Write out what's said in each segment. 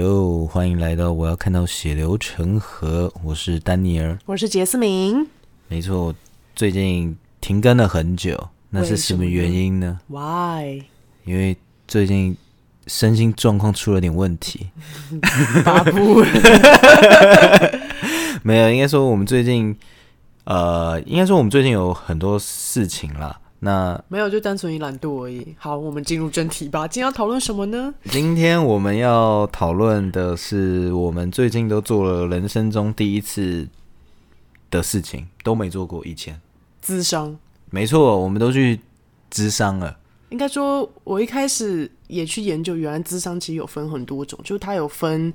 喲，歡迎來到我要看到血流成河，我是丹尼爾，我是杰斯明。沒錯，最近停更了很久，那是什麼原因呢？Wait？Why？因為最近身心狀況出了點問題。哈 不鋪了， 沒有，應該說我們最近，呃，應該說我們最近有很多事情啦。那沒有，就單純以懶惰而已。好，我們進入正題吧。今天要討論什麼呢？今天我們要討論的是，我們最近都做了人生中第一次的事情，都沒做過以前。諮商？沒錯，我們都去諮商了。應該說，我一開始也去研究，原來諮商其實有分很多種，就是它有分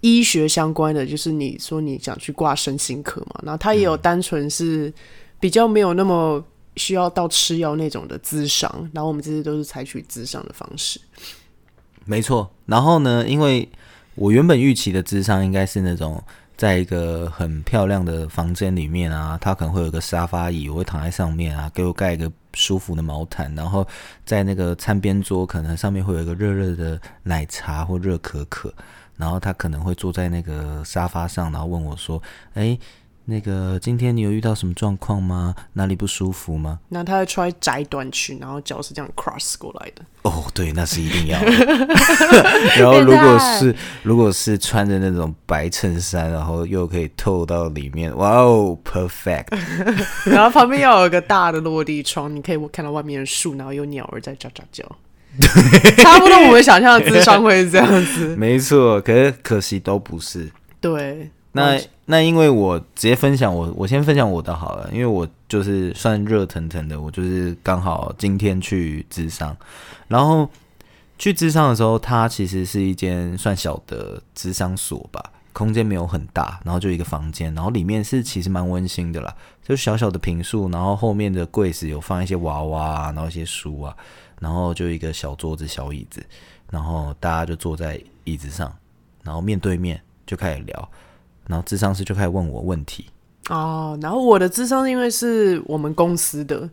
醫學相關的，就是你說你想去掛身心科嘛，然後它也有單純是比較沒有那麼、嗯。需要到吃藥那種的諮商，然後我們這些都是採取諮商的方式。沒錯，然後呢？因為我原本預期的諮商應該是那種在一個很漂亮的房間裡面啊，他可能會有個沙發椅，我會躺在上面啊，給我蓋一個舒服的毛毯，然後在那個餐邊桌可能上面會有一個熱熱的奶茶或熱可可，然後他可能會坐在那個沙發上，然後問我說：“哎。”那個，今天你有遇到什麼狀況嗎？哪裡不舒服嗎？那他會穿窄短裙，然後腳是這樣 cross 過來的。哦，對，那是一定要的。 然後如果是如果是穿着那種白襯衫，然後又可以透到裡面，哇、wow, 哦，perfect。 然後旁邊要有一個大的落地窗， 你可以看到外面的樹，然後有鳥兒在喳喳叫，叫，叫。對， 差不多我們想象的諮商會是這樣子。 沒錯，可是可惜都不是。對，那。那因為我直接分享我，我先分享我的好了，因為我就是算熱騰騰的，我就是剛好今天去諮商，然後去諮商的時候，它其實是一間算小的諮商所吧，空間沒有很大，然後就一個房間，然後裡面是其實蠻溫馨的啦，就小小的坪數，然後後面的櫃子有放一些娃娃，然後一些書啊，然後就一個小桌子小椅子，然後大家就坐在椅子上，然後面對面就開始聊。然後諮商師就開始問我問題哦。然後我的諮商是因為是我們公司的，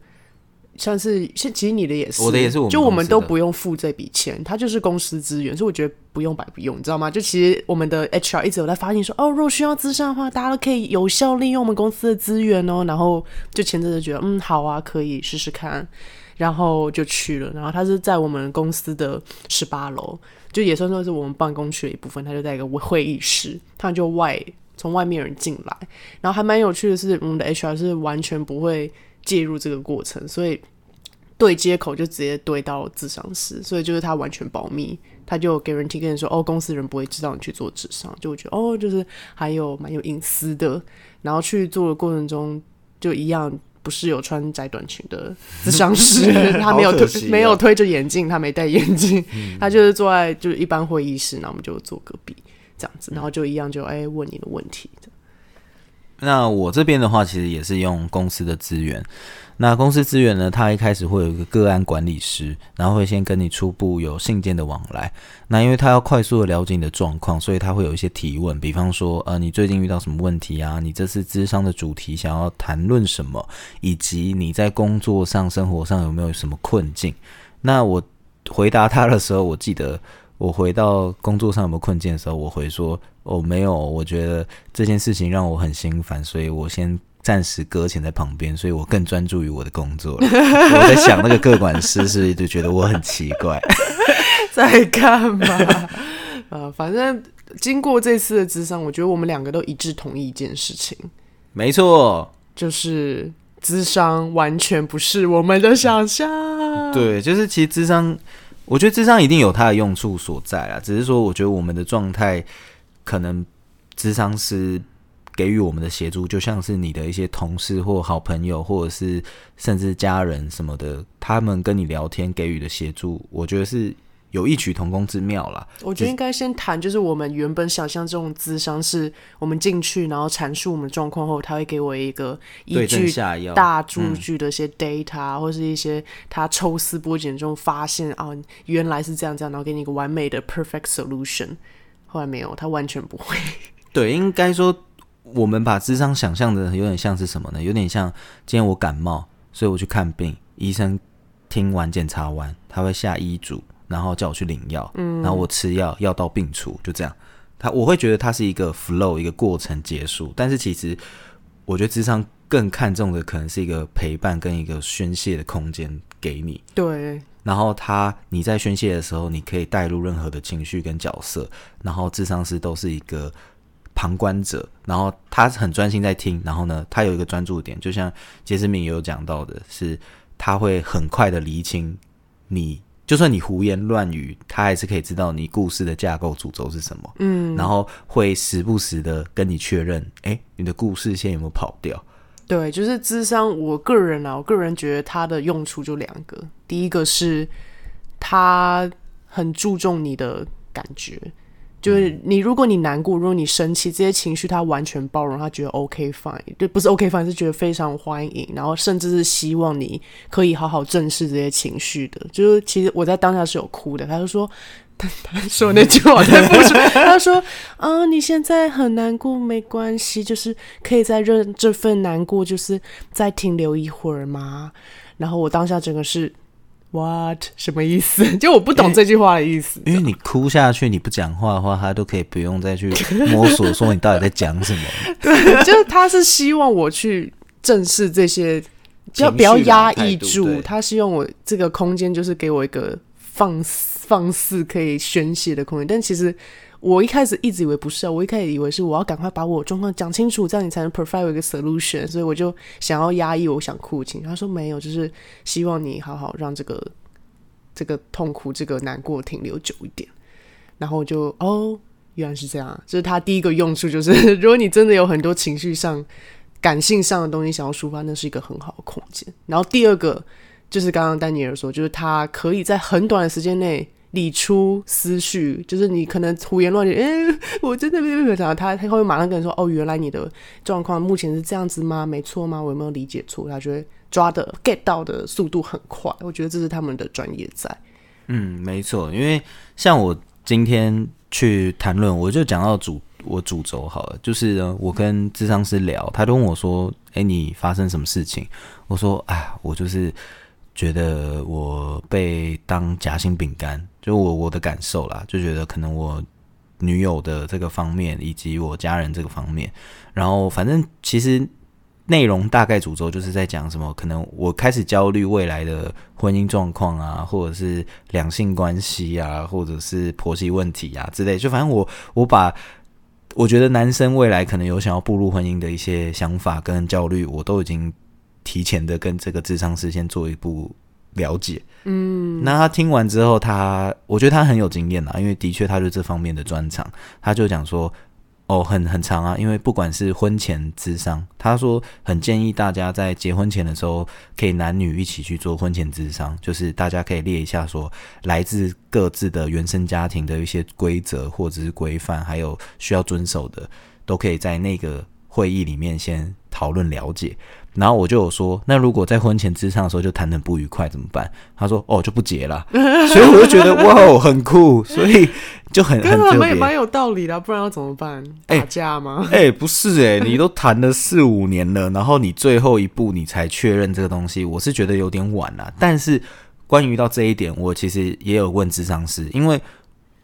像是其實你的也是，我的也是我們的。就我們都不用付這筆錢，他就是公司資源，所以我覺得不用白不用，你知道嗎？就其實我們的 HR 一直有在發現說，哦，若需要諮商的話，大家都可以有效利用我們公司的資源哦。然後就前陣子覺得嗯好啊，可以試試看，然後就去了。然後他是在我們公司的十八樓，就也算算是我們辦公區的一部分。他就在一個會議室，他就外。從外面人進來，然後還蠻有趣的是，我們的 HR 是完全不會介入這個過程，所以對接口就直接對到諮商師，所以就是他完全保密，他就 guarantee 跟你說，哦，公司人不會知道你去做諮商，就我覺得哦，就是還有蠻有隱私的。然後去做的過程中，就一樣，不是有穿窄短裙的諮商師， 他沒有推、啊、沒有推着眼鏡，他沒戴眼鏡、嗯，他就是坐在就是一般會議室，那我們就坐隔壁。這樣子，然後就一樣就哎、欸、問你的問題。那我這邊的話，其實也是用公司的資源。那公司資源呢，他一開始會有一個個案管理師，然後會先跟你初步有信件的往來。那因為他要快速的了解你的狀況，所以他會有一些提問，比方說，呃，你最近遇到什麼問題啊？你這次諮商的主題想要談論什麼？以及你在工作上、生活上有沒有什麼困境？那我回答他的時候，我記得。我回到工作上有沒有困境的時候，我會說：“哦，沒有，我覺得這件事情讓我很心煩，所以我先暫時擱淺在旁邊，所以我更專注於我的工作。 我在想那個個管師是 就覺得我很奇怪，在幹嘛？ 呃，反正經過這次的諮商，我覺得我們兩個都一致同意一件事情，沒錯，就是諮商完全不是我們的想象，嗯。對，就是其實諮商。”我覺得諮商一定有它的用處所在啊，只是說，我覺得我們的狀態，可能，諮商師給予我們的協助，就像是你的一些同事或好朋友，或者是甚至家人什麼的，他們跟你聊天給予的協助，我覺得是。有異曲同工之妙啦。我覺得應該先談，就是我們原本想象這種諮商，是我們進去，然後闡述我們狀況後，他會給我一個依據大數據的一些 data、嗯、或是一些他抽絲剝繭中發現哦、啊，原來是這樣這樣，然後給你一個完美的 perfect solution。後來沒有，他完全不會。對，應該說我們把諮商想象的有點像是什麼呢？有點像今天我感冒，所以我去看病，醫生聽完檢查完，他會下醫囑。然後叫我去領藥、嗯，然後我吃藥，藥到病除，就這樣。他我會覺得他是一個 flow，一個過程結束。但是其實，我覺得諮商更看重的可能是一個陪伴跟一個宣泄的空間給你。對。然後他你在宣泄的時候，你可以帶入任何的情緒跟角色。然後諮商師都是一個旁觀者，然後他很專心在聽。然後呢，他有一個專注點，就像杰斯敏有講到的是，是他會很快的理清你。就算你胡言亂語，他還是可以知道你故事的架構主軸是什麼？嗯，然後會時不時的跟你確認，哎、欸，你的故事現在有沒有跑掉？對，就是諮商。我個人啊，我個人覺得它的用處就兩個，第一個是他很注重你的感覺。就是你，如果你難過，如果你生氣，這些情緒他完全包容，他覺得 OK fine，對，不是 OK fine，是覺得非常歡迎，然後甚至是希望你可以好好正視這些情緒的。就是其實我在當下是有哭的，他就說，他說那句話，他說，啊、哦，你現在很難過，沒關係，就是可以再認這份難過，就是再停留一會兒嘛。然後我當下整個是。What？什麼意思？就我不懂這句話的意思。因為，因為你哭下去，你不講話的話，他都可以不用再去摸索，說你到底在講什麼。對。 就是他是希望我去正視這些，就不要壓抑住，他是用我這個空間，就是給我一個放放肆可以宣洩的空間，但其實。我一開始一直以為不是啊，我一開始以為是我要趕快把我狀況講清楚，這樣你才能 provide 一個 solution。所以我就想要壓抑，我想哭的情緒。他說，沒有，就是希望你好好讓這個這個痛苦、這個難過停留久一點。然後我就哦，原來是這樣啊。這、就是他第一個用處，就是如果你真的有很多情緒上、感性上的東西想要抒發，那是一個很好的空間。然後第二個就是剛剛丹尼爾說，就是他可以在很短的時間內。理出思緒，就是你可能胡言亂語，哎、欸，我真的沒有想到，他他會馬上跟你說，哦，原來你的狀況目前是這樣子嗎？沒錯嗎？我有沒有理解錯？他覺得抓的 get 到的速度很快，我覺得這是他們的專業在。嗯，沒錯，因為像我今天去談論，我就講到主我主軸好了，就是呢我跟諮商師聊，他就問我說，哎，你發生什麼事情？我說，哎，我就是覺得我被當夾心餅乾。就我我的感受啦，就覺得可能我女友的這個方面，以及我家人這個方面，然後反正其實內容大概主軸就是在講什麼，可能我開始焦慮未來的婚姻狀況啊，或者是兩性關係啊，或者是婆媳問題啊之類。就反正我我把我覺得男生未來可能有想要步入婚姻的一些想法跟焦慮，我都已經提前的跟這個諮商師先做一步。了解，嗯，那他聽完之後他，他我覺得他很有經驗啊，因為的確他是這方面的專長。他就講說，哦，很很長啊，因為不管是婚前諮商，他說很建議大家在結婚前的時候，可以男女一起去做婚前諮商，就是大家可以列一下說，來自各自的原生家庭的一些規則或者是規範，還有需要遵守的，都可以在那個會議裡面先討論了解。然後我就有說，那如果在婚前諮商的時候就談的不愉快怎麼辦？他說，哦，就不結了。 所以我就覺得哇哦，很酷，所以就很很特別，蠻有道理的，不然要怎麼辦？打架嗎？哎、欸欸，不是哎、欸，你都談了四五年了， 然後你最後一步你才確認這個東西，我是覺得有點晚了、啊。但是關於到這一點，我其實也有問諮商師，因為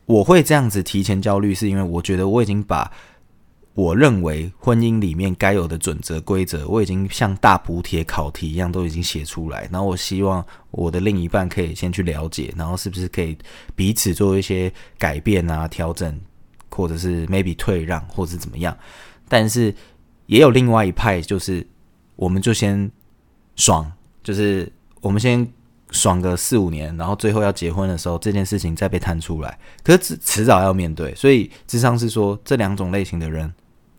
我會這樣子提前焦慮，是因為我覺得我已經把。我認為婚姻裡面該有的準則規則，我已經像大補帖考題一樣都已經寫出來。然後我希望我的另一半可以先去了解，然後是不是可以彼此做一些改變啊、調整，或者是 maybe 退讓，或者是怎麼樣。但是也有另外一派，就是我們就先爽，就是我們先爽個四五年，然後最後要結婚的時候，這件事情再被攤出來。可是遲遲早要面對，所以諮商是說這兩種類型的人。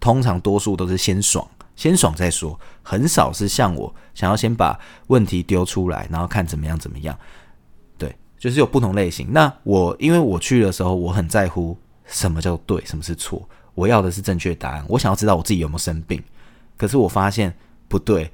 通常多數都是先爽，先爽再說，很少是像我想要先把問題丟出來，然後看怎麼樣怎麼樣。對，就是有不同類型。那我因為我去的時候，我很在乎什麼叫對，什麼是錯。我要的是正確答案，我想要知道我自己有沒有生病。可是我發現不對，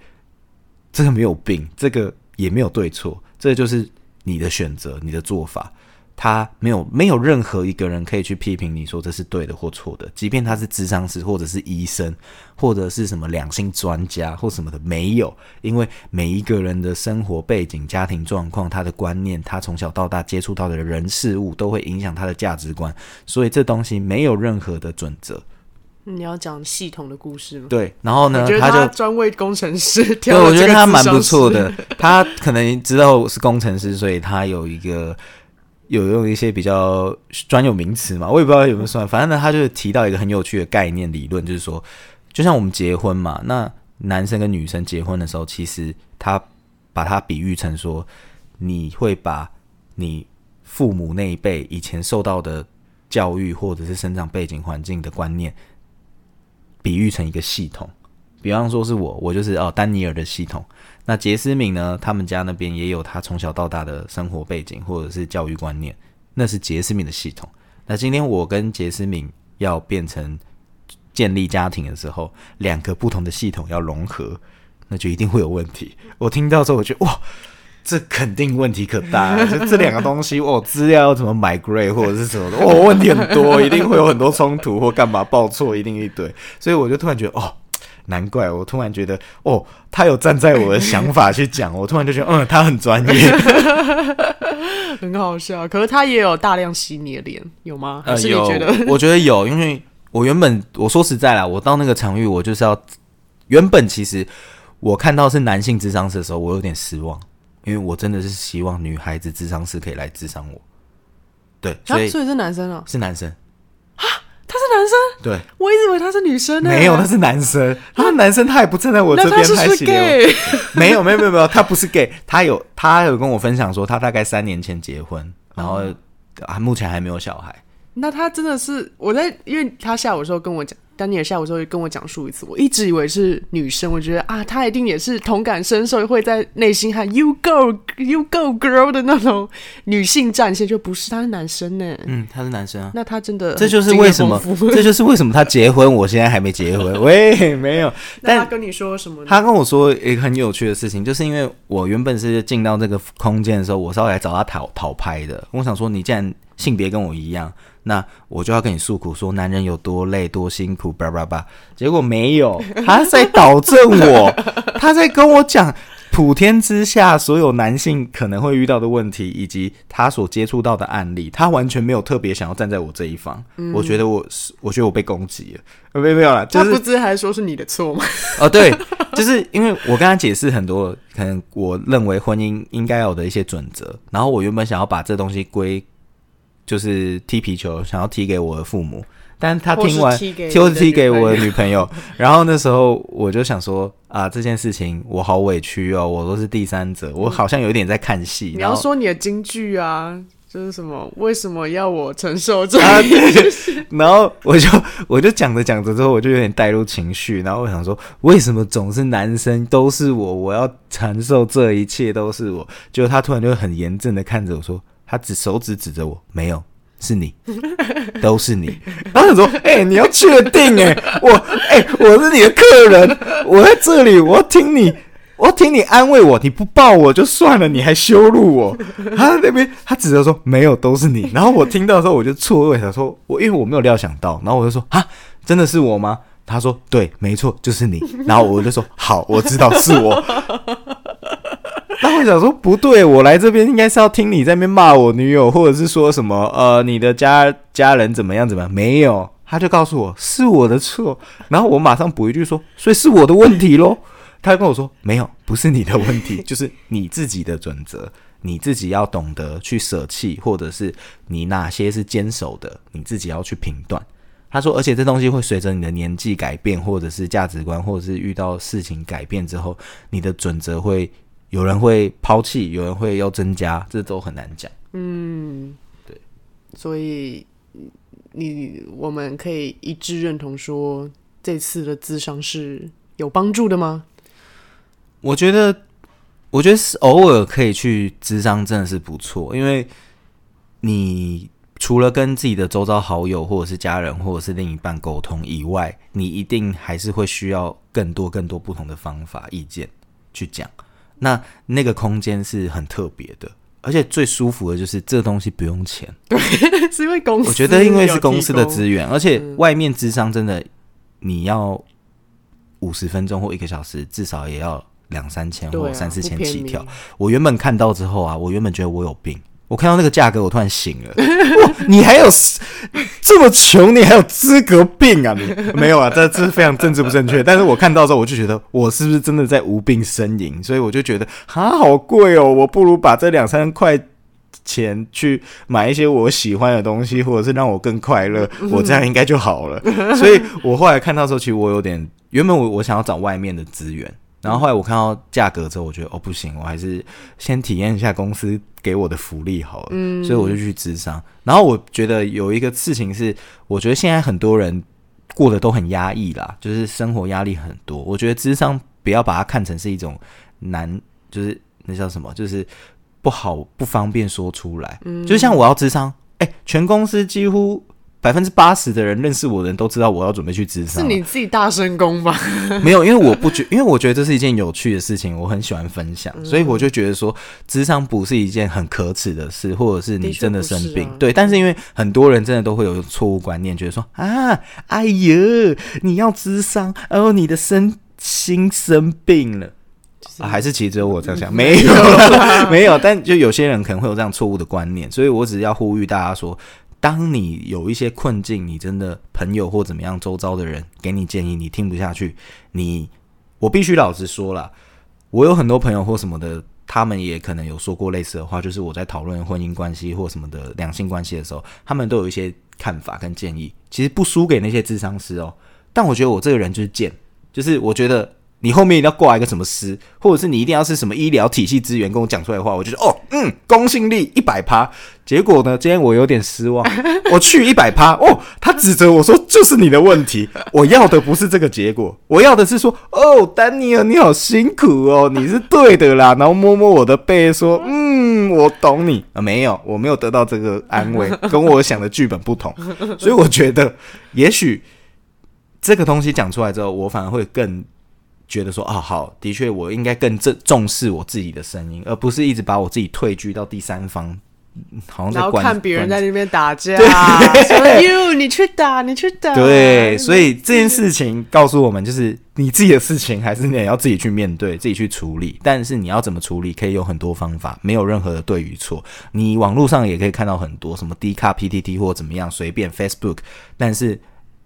這個沒有病，這個也沒有對錯，這個就是你的選擇，你的做法。他沒有沒有任何一個人可以去批評你說這是對的或錯的，即便他是諮商師或者是醫生，或者是什麼兩性專家或什麼的，沒有。因為每一個人的生活背景、家庭狀況、他的觀念、他從小到大接觸到的人事物都會影響他的價值觀，所以這東西沒有任何的準則。你要講系統的故事嗎？對，然後呢，他就他專為工程師跳。對，我覺得他蠻不錯的， 他可能知道我是工程師，所以他有一個。有用一些比較專有名詞嘛？我也不知道有沒有算。反正呢，他就是提到一個很有趣的概念理論，就是說，就像我們結婚嘛，那男生跟女生結婚的時候，其實他把它比喻成說，你會把你父母那一輩以前受到的教育，或者是生長背景環境的觀念，比喻成一個系統。比方說是我，我就是哦丹尼爾的系統。那傑斯敏呢？他們家那邊也有他從小到大的生活背景，或者是教育觀念，那是傑斯敏的系統。那今天我跟傑斯敏要變成建立家庭的時候，兩個不同的系統要融合，那就一定會有問題。我聽到之後，我覺得哇，這肯定問題可大，啊、 這兩個東西，哦，資料要怎麼 migrate 或者是什麼的？哦，問題很多，一定會有很多衝突或幹嘛報錯，一定一堆。所以我就突然覺得，哦。難怪我突然覺得哦，他有站在我的想法去講， 我突然就覺得嗯，他很專業， 很好笑。可是他也有大量洗你的臉。有嗎？呃、還是你覺得？我覺得有，因為我原本我說實在啦，我到那個場域，我就是要原本其實我看到是男性諮商師的時候，我有點失望，因為我真的是希望女孩子諮商師可以來諮商我。對、啊所以，所以是男生啊？是男生啊？他是男生，對，我一直以為他是女生呢、欸。沒有，他是男生他。他是男生，他也不站在我這邊拍戲。沒有，沒有，沒有，沒有，他不是 gay。 他有，他有跟我分享說，他大概三年前結婚，然後、嗯、啊，目前還沒有小孩。那他真的是我在，因為他下午的時候跟我講。丹尼爾下午就會跟我講述一次，我一直以為是女生，我覺得啊，她一定也是同感深受，所以會在內心喊 “You go, you go, girl” 的那種女性戰線，就不是他是男生呢。嗯，他是男生啊。那他真的，這就是為什麼， 這就是為什麼他結婚，我現在還沒結婚。 喂，沒有。他跟你說什麼呢？他跟我說一個很有趣的事情，就是因為我原本是進到這個空間的時候，我是要來找他討討拍的。我想說，你既然性別跟我一樣，那我就要跟你訴苦，說男人有多累、多辛苦，叭叭叭。結果沒有，他在導正我， 他在跟我講普天之下所有男性可能會遇到的問題，以及他所接觸到的案例。他完全沒有特別想要站在我這一方。嗯。我覺得我，我覺得我被攻擊了。沒有了，就是，他不知還說是你的錯嗎？哦，對，就是因為我跟他解釋很多，可能我認為婚姻應該有的一些準則。然後我原本想要把這東西歸。就是踢皮球，想要踢給我的父母，但他聽完是踢是踢給我的女朋友， 然後那時候我就想說啊，這件事情我好委屈哦，我都是第三者，我好像有點在看戲、嗯。你要說你的京劇啊，就是什麼？為什麼要我承受這一切？ 然後我就我就講着講着之後，我就有點帶入情緒，然後我想說，為什麼總是男生都是我，我要承受這一切都是我？就他突然就很嚴正的看着我說。他指手指指着我，沒有，是你，都是你。然後他說：“欸，你要確定欸，我欸，我是你的客人，我在這裡，我要聽你，我要聽你安慰我，你不抱我就算了，你還羞辱我。”他在那邊他指着說：“沒有，都是你。”然後我聽到的時候我就錯愕地說：“我因為我沒有料想到。”然後我就說：“啊，真的是我嗎？”他說：“對，沒錯，就是你。”然後我就說：“好，我知道是我。 ”他會想說不對，我來這邊應該是要聽你在那邊罵我女友，或者是說什麼呃，你的家家人怎麼樣？怎麼樣。沒有。他就告訴我是我的錯，然後我馬上補一句說，所以是我的問題嘍。他就跟我說沒有，不是你的問題，就是你自己的準則，你自己要懂得去捨棄，或者是你哪些是堅守的，你自己要去評斷。他說，而且這東西會隨着你的年紀改變，或者是價值觀，或者是遇到事情改變之後，你的準則會。有人會拋棄，有人會要增加，這都很難講。嗯，對，所以你我們可以一致認同說，這次的諮商是有幫助的嗎？我覺得，我覺得是偶爾可以去諮商真的是不錯，因為你除了跟自己的周遭好友或者是家人或者是另一半溝通以外，你一定還是會需要更多更多不同的方法、意見去講。那那個空間是很特別的，而且最舒服的就是這東西不用錢。對，是因為公司，我覺得因為是公司的資源，而且外面諮商真的，你要五十分鐘或一個小時，至少也要兩三千或三四千起跳，啊。我原本看到之後啊，我原本覺得我有病。我看到那個價格，我突然醒了。哇，你還有這麼窮，你還有資格病啊？你沒有啊？這這是非常政治不正確。 但是我看到的時候，我就覺得我是不是真的在無病呻吟？所以我就覺得蛤，好貴哦，我不如把這兩三塊錢去買一些我喜歡的東西，或者是讓我更快樂，我這樣應該就好了。 所以我後來看到的時候，其實我有點原本我我想要找外面的資源。然後後來我看到價格之後，我覺得哦不行，我還是先體驗一下公司給我的福利好了。嗯，所以我就去諮商。然後我覺得有一個事情是，我覺得現在很多人過得都很壓抑啦，就是生活壓力很多。我覺得諮商不要把它看成是一種難，就是那叫什麼，就是不好不方便說出來。嗯，就像我要諮商，哎，全公司幾乎。百分之八十的人、認識我的人都知道我要準備去諮商，是你自己大聲公嗎？ 沒有，因為我不覺得，因為我覺得這是一件有趣的事情，我很喜歡分享，嗯、所以我就覺得說，諮商不是一件很可恥的事，或者是你真的生病的、啊。對，但是因為很多人真的都會有錯誤觀念，覺得說啊，哎呦，你要諮商，然、哦、後你的身心生病了，就是啊、還是其實只有我這樣想？沒有， 沒有，但就有些人可能會有這樣錯誤的觀念，所以我只是要呼籲大家說。當你有一些困境，你真的朋友或怎麼樣，周遭的人給你建議，你聽不下去。你，我必須老實說了，我有很多朋友或什麼的，他們也可能有說過類似的話，就是我在討論婚姻關係或什麼的兩性關係的時候，他們都有一些看法跟建議。其實不輸給那些諮商師哦，但我覺得我這個人就是賤，就是我覺得。你後面一定要掛一個什麼師，或者是你一定要是什麼醫療體系資源跟我講出來的話，我就說哦，嗯，公信力一百趴。結果呢，今天我有點失望，我去一百趴哦，他指責我說就是你的問題。我要的不是這個結果，我要的是說哦，丹尼爾，你好辛苦哦，你是對的啦，然後摸摸我的背說嗯，我懂你。哦，沒有，我沒有得到這個安慰，跟我想的劇本不同，所以我覺得也許這個東西講出來之後，我反而會更。覺得說啊、哦、好，的確我應該更正重視我自己的聲音，而不是一直把我自己退居到第三方，好像在然後看別人在那邊打架。你去打，你去打。對，所以這件事情告訴我們，就是你自己的事情還是你要自己去面對，自己去處理。但是你要怎麼處理，可以有很多方法，沒有任何的對與錯。你網絡上也可以看到很多什麼 D 卡 PTT 或怎麼樣，隨便 Facebook。但是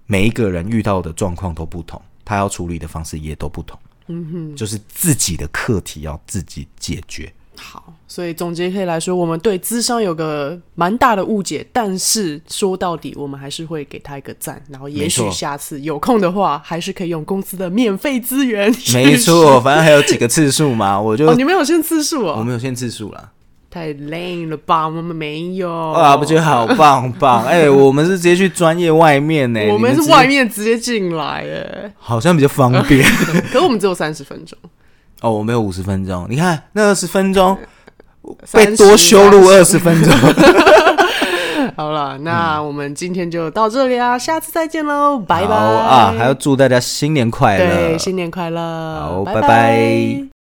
每一個人遇到的狀況都不同。他要處理的方式也都不同，嗯哼，就是自己的課題要自己解決。好，所以總結可以來說，我們對諮商有個蠻大的誤解，但是說到底，我們還是會給他一個讚。然後，也許下次有空的話，還是可以用公司的免費資源。沒錯，反正還有幾個次數嘛， 我就、哦、你沒有限次數哦，我沒有限次數啦。太累了吧？我們沒有啊，不覺得好棒棒？哎、 欸，我們是直接去專業外面呢、欸，我 們是外面直接進來， 好像比較方便。 嗯、可我們只有三十分鐘，哦，我們有五十分鐘。你看那二十分鐘被多羞辱二十分鐘。 好了，那我們今天就到這裡啊，下次再見嘍，拜拜好啊！還要祝大家新年快樂，對，新年快樂，好，拜拜。拜拜。